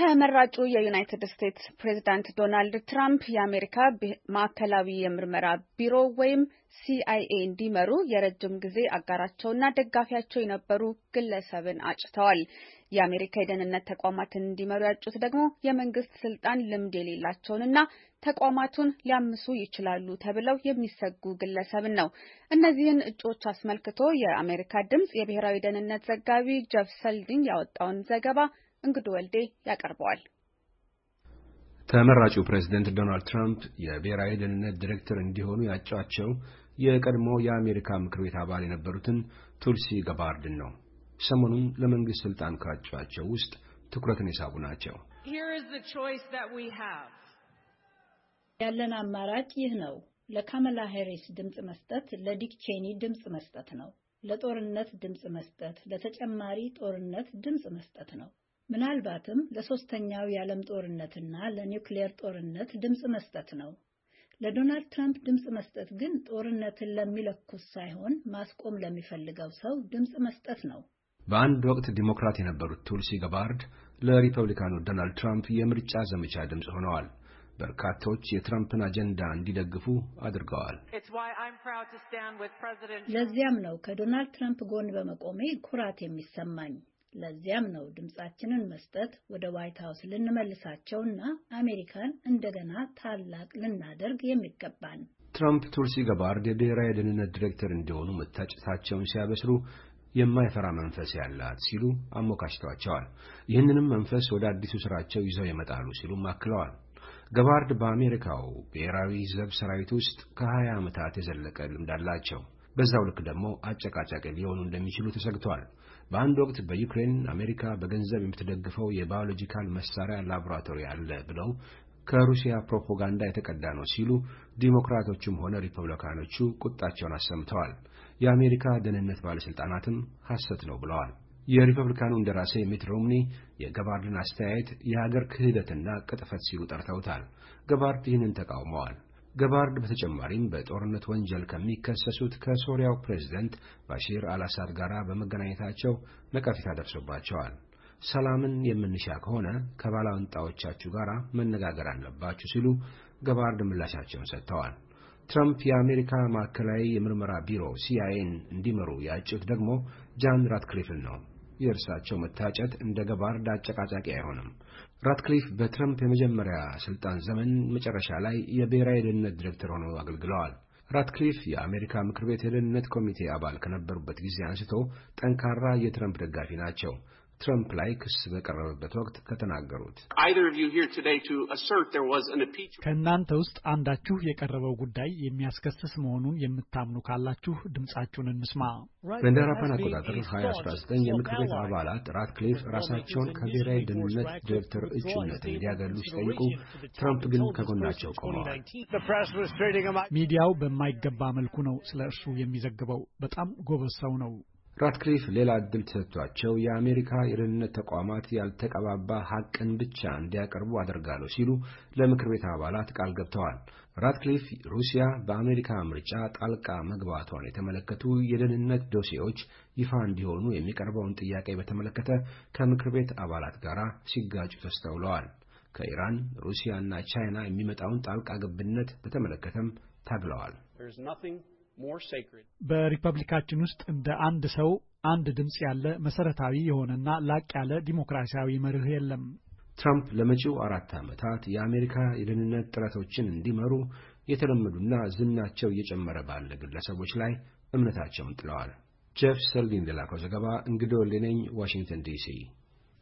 ተመራጩ የዩናይትድ ስቴትስ ፕሬዚዳንት ዶናልድ ትራምፕ የአሜሪካ ማዕከላዊ የምርመራ ቢሮ ወይም ሲአይኤ እንዲመሩ የረጅም ጊዜ አጋራቸውና ደጋፊያቸው የነበሩ ግለሰብን አጭተዋል። የአሜሪካ የደህንነት ተቋማትን እንዲመሩ ያጩት ደግሞ የመንግስት ስልጣን ልምድ የሌላቸውንና ተቋማቱን ሊያምሱ ይችላሉ ተብለው የሚሰጉ ግለሰብን ነው። እነዚህን እጩዎች አስመልክቶ የአሜሪካ ድምጽ የብሔራዊ ደህንነት ዘጋቢ ጀፍ ሰልዲን ያወጣውን ዘገባ እንግዱ ወልዴ ያቀርበዋል። ተመራጩ ፕሬዝደንት ዶናልድ ትራምፕ የብሔራዊ ደህንነት ዲሬክተር እንዲሆኑ ያጯቸው የቀድሞ የአሜሪካ ምክር ቤት አባል የነበሩትን ቱልሲ ገባርድን ነው። ሰሞኑን ለመንግሥት ሥልጣን ካጯቸው ውስጥ ትኩረትን የሳቡ ናቸው። ያለን አማራጭ ይህ ነው። ለካመላ ሄሪስ ድምፅ መስጠት ለዲክ ቼኒ ድምፅ መስጠት ነው። ለጦርነት ድምፅ መስጠት፣ ለተጨማሪ ጦርነት ድምፅ መስጠት ነው። ምናልባትም ለሶስተኛው የዓለም ጦርነትና ለኒውክሌር ጦርነት ድምፅ መስጠት ነው። ለዶናልድ ትራምፕ ድምፅ መስጠት ግን ጦርነትን ለሚለኩስ ሳይሆን ማስቆም ለሚፈልገው ሰው ድምፅ መስጠት ነው። በአንድ ወቅት ዲሞክራት የነበሩት ቱልሲ ገባርድ ለሪፐብሊካኑ ዶናልድ ትራምፕ የምርጫ ዘመቻ ድምፅ ሆነዋል። በርካታዎች የትራምፕን አጀንዳ እንዲደግፉ አድርገዋል። ለዚያም ነው ከዶናልድ ትራምፕ ጎን በመቆሜ ኩራት የሚሰማኝ። ለዚያም ነው ድምጻችንን መስጠት ወደ ዋይት ሀውስ ልንመልሳቸውና አሜሪካን እንደገና ታላቅ ልናደርግ የሚገባን። ትራምፕ ቱልሲ ገባርድ የብሔራዊ ደህንነት ዲሬክተር እንዲሆኑ መታጨታቸውን ሲያበስሩ የማይፈራ መንፈስ ያላት ሲሉ አሞካሽተዋቸዋል። ይህንንም መንፈስ ወደ አዲሱ ስራቸው ይዘው ይመጣሉ ሲሉም አክለዋል። ገባርድ በአሜሪካው ብሔራዊ ዘብ ሰራዊት ውስጥ ከ20 ዓመታት የዘለቀ ልምድ አላቸው። በዛው ልክ ደግሞ አጨቃጫቂ ሊሆኑ እንደሚችሉ ተሰግተዋል። በአንድ ወቅት በዩክሬን አሜሪካ በገንዘብ የምትደግፈው የባዮሎጂካል መሳሪያ ላቦራቶሪ አለ ብለው ከሩሲያ ፕሮፓጋንዳ የተቀዳ ነው ሲሉ ዲሞክራቶቹም ሆነ ሪፐብሊካኖቹ ቁጣቸውን አሰምተዋል። የአሜሪካ ደህንነት ባለሥልጣናትም ሐሰት ነው ብለዋል። የሪፐብሊካኑ እንደራሴ ሚት ሮምኒ የገባርድን አስተያየት የሀገር ክህደትና ቅጥፈት ሲሉ ጠርተውታል። ገባርድ ይህንን ተቃውመዋል። ገባርድ በተጨማሪም በጦርነት ወንጀል ከሚከሰሱት ከሶሪያው ፕሬዝደንት ባሺር አልአሳድ ጋር በመገናኘታቸው ነቀፌታ ደርሶባቸዋል። ሰላምን የምንሻ ከሆነ ከባላንጣዎቻችሁ ጋር መነጋገር አለባችሁ ሲሉ ገባርድ ምላሻቸውን ሰጥተዋል። ትራምፕ የአሜሪካ ማዕከላዊ የምርመራ ቢሮ ሲአይኤን እንዲመሩ ያጩት ደግሞ ጃን ራትክሊፍን ነው። የእርሳቸው መታጨት እንደ ገባርድ አጨቃጫቂ አይሆንም። ራትክሊፍ በትረምፕ የመጀመሪያ ሥልጣን ዘመን መጨረሻ ላይ የብሔራዊ የደህንነት ዲሬክተር ሆነው አገልግለዋል። ራትክሊፍ የአሜሪካ ምክር ቤት የደህንነት ኮሚቴ አባል ከነበሩበት ጊዜ አንስቶ ጠንካራ የትረምፕ ደጋፊ ናቸው። ትረምፕ ላይ ክስ በቀረበበት ወቅት ከተናገሩት ከእናንተ ውስጥ አንዳችሁ የቀረበው ጉዳይ የሚያስከስስ መሆኑን የምታምኑ ካላችሁ ድምፃችሁን እንስማ። እንደ አቆጣጠር 2019 የምክር ቤት አባላት ራትክሊፍ ራሳቸውን ከብሔራዊ ደህንነት ዲሬክተር እጩነት እንዲያገሉ ሲጠይቁ፣ ትራምፕ ግን ከጎናቸው ቆመዋል። ሚዲያው በማይገባ መልኩ ነው ስለ እርሱ የሚዘግበው። በጣም ጎበዝ ሰው ነው። ራትክሊፍ ሌላ ዕድል ተሰጥቷቸው የአሜሪካ የደህንነት ተቋማት ያልተቀባባ ሐቅን ብቻ እንዲያቀርቡ አደርጋለሁ ሲሉ ለምክር ቤት አባላት ቃል ገብተዋል። ራትክሊፍ ሩሲያ በአሜሪካ ምርጫ ጣልቃ መግባቷን የተመለከቱ የደህንነት ዶሴዎች ይፋ እንዲሆኑ የሚቀርበውን ጥያቄ በተመለከተ ከምክር ቤት አባላት ጋር ሲጋጩ ተስተውለዋል። ከኢራን ሩሲያና ቻይና የሚመጣውን ጣልቃ ገብነት በተመለከተም ታግለዋል። በሪፐብሊካችን ውስጥ እንደ አንድ ሰው አንድ ድምፅ ያለ መሰረታዊ የሆነና ላቅ ያለ ዲሞክራሲያዊ መርህ የለም። ትራምፕ ለመጪው አራት ዓመታት የአሜሪካ የደህንነት ጥረቶችን እንዲመሩ የተለመዱና ዝናቸው እየጨመረ ባለ ግለሰቦች ላይ እምነታቸውን ጥለዋል። ጄፍ ሰልዲን ለላከው ዘገባ እንግዶ ሌነኝ ዋሽንግተን ዲሲ